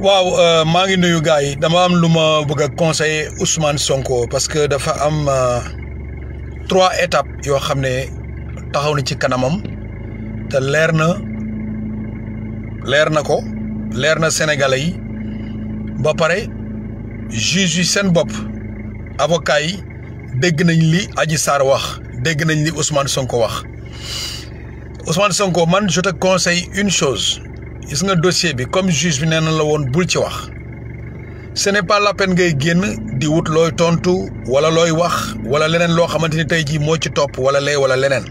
waaw euh, maa ngi nuyu gars yi dama am lu ma bëgg a conseiller Ousmane Sonko parce que dafa am euh, trois étapes yoo xam ne taxaw na ci kanamam te leer na leer na ko leer na Sénégalais yi ba pare juge seen bopp avocat yi dégg nañ li Adji Sarr wax dégg nañ li Ousmane Sonko wax Ousmane Sonko man je conseil une chose. gis nga dossier bi comme juge bi nee na la woon bul ci wax ce n'est pas la ngay génn di wut looy tontu wala looy wax wala leneen loo xamante ni tey jii moo ci topp wala lee wala leneen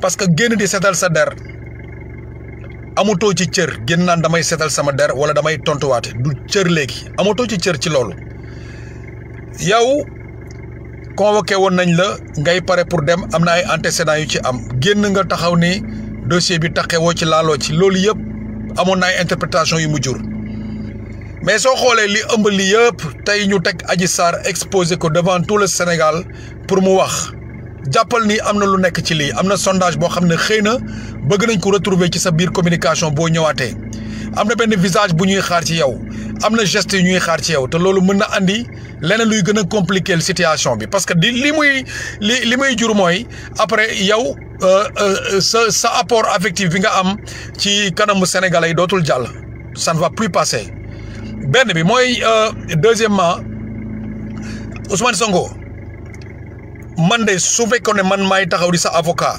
parce que génn di setal sa der amatoo ci cër génn naan damay setal sama der wala damay tontuwaate du cër léegi amatoo ci cër ci loolu yow convoqué woon nañ la ngay pare pour dem am na ay antécédents yu ci am génn nga taxaw ni dossier bi taxewoo ci laaloo ci loolu yëpp. amoon na ay interprétation yi mu jur mais soo xoolee li ëmb li yëpp tey ñu teg aji Sarr exposé ko devant tout le Sénégal pour mu wax jàppal ni am na lu nekk ci lii am na sondage boo xam ne xëy na bëgg nañ ko retrouver ci sa biir communication boo ñëwaatee am na benn visage bu ñuy xaar ci yow am na geste yu ñuy xaar ci yow te loolu mën na andi leneen luy gën a compliquer situation bi parce que di li muy li li muy jur mooy après yow euh, euh, sa sa apport affectif bi nga am ci kanamu sénégalais yi dootul jàll ça ne va plus passer benn bi mooy euh, deuxièmement Ousmane Sonko man de su fekkoon ne man maay taxaw di sa avocat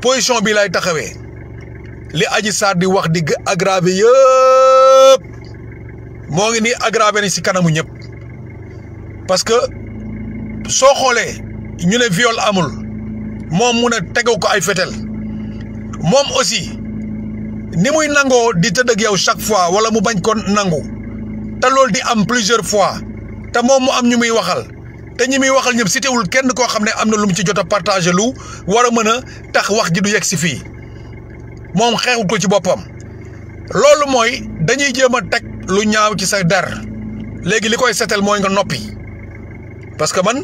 position bi lay taxawee li aji Sarr di wax di aggravé yëpp moo ngi nii aggravé na si kanamu ñëpp parce que soo xoolee ñu ne viol amul moom mun a tegaw ko ay fetel moom aussi ni muy nangoo di tëdd ak yow chaque fois wala mu bañ ko nangu te loolu di am plusieurs fois te moom mu am ñu muy waxal te ñi muy waxal ñëpp si teewul kenn koo xam ne am na lu mu ci jot a lu war a mën a tax wax ji du yegg si fii moom xeexut ko ci boppam loolu mooy dañuy jéem teg lu ñaaw ci sa der léegi li koy setal mooy nga noppi parce que man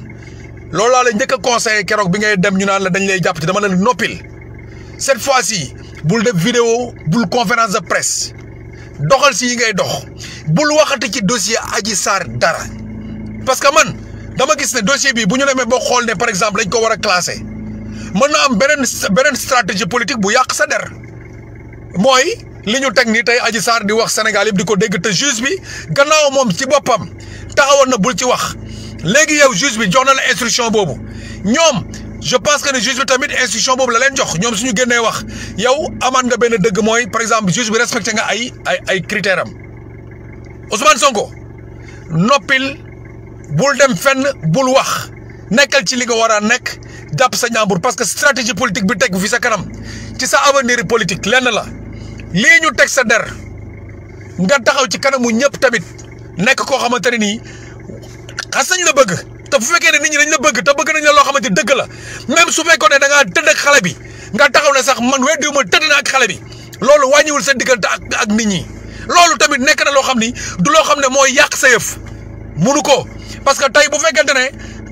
loolu laa njëkk a keroog bi ngay dem ñu naan la dañ lay jàpp dama leen noppil cette fois-ci bul def vidéo bul conférence de presse doxal si yi ngay dox bul waxati ci dossier Adji sar dara parce que man dama gis ne dossier bii bu ñu demee ba xool ne par exemple dañ ko war a classé mën na am beneen beneen stratégie politique bu yàq sa der mooy li ñu teg nii tey Adji Sarr di wax Sénégal di ko dégg te juge bi gannaaw moom ci boppam taxawoon na bul ci wax léegi yow juge bi jox na la instruction boobu ñoom je pense que ne juge bi tamit instruction boobu la leen jox ñoom ñu génnee wax yow amaan nga benn dëgg mooy par exemple juge bi respecté nga ay ay ay critères am Ousmane Sonko noppil bul dem fenn bul wax nekkal ci li nga war a nekk jàpp sa ñaambur parce que stratégie politique bi teg fii sa kanam ci sa avenir politique lenn la. lii ñu teg sa der nga taxaw ci kanamu ñëpp tamit nekk koo xamante ne nii xas sañ la bëgg te bu fekkee ne nit ñi dañ la bëgg te bëgg nañ na loo xamante dëgg la même su fekkoon ne da ngaa tëdd ak xale bi nga taxaw ne sax man weddiwuma tëdd na ak xale bi loolu wàññiwul sa diggante ak ak nit ñi loolu tamit nekk na loo xam ni du loo xam ne mooy yàq sa yëf munu ko parce que tey bu fekkente ne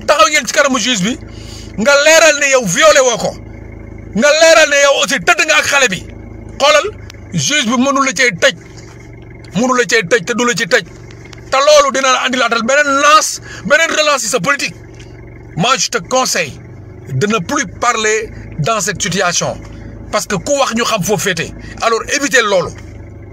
taxaw ngeen ci kanamu juge bi nga leeral ne yow violé woo ko nga leeral ne yow aussi tëdd nga ak xale bi xoolal. juge bi mënula la cay tëj mënu la cay tëj te du la ci tëj te loolu dina la andilaatal beneen lance beneen relance ci sa politique moi te conseille de ne plus parle dans cette situation parce que ku wax ñu xam foo féete alors éviter loolu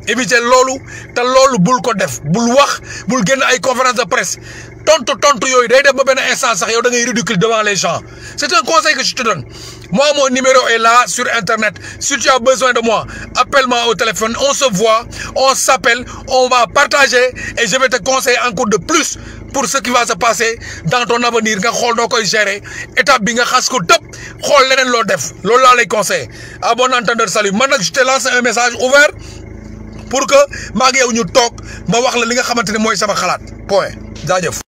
éviter loolu te loolu bul ko def bul wax bul génn ay conférence de presse tontu tontu yooyu day dem ba benn instant sax yow da ngay ridicule devant les gens c'est un conseil te donne Moi, moo numéro est là sur Internet. Si tu besoin de moi, appelle au téléphone. On se voit, on s'appelle, on va partager et je conseil te conseiller encore de plus pour ce qui va se passer dans ton avenir nga xool noo koy gérer étape bi nga xas ko tëb xool leneen loo def loolu laa lay conseil abon bon entendeur salut man nag je te lance un message ouvert pour que maa ngi ñu toog ma wax la li nga xamante ne mooy sama xalaat point jaajëf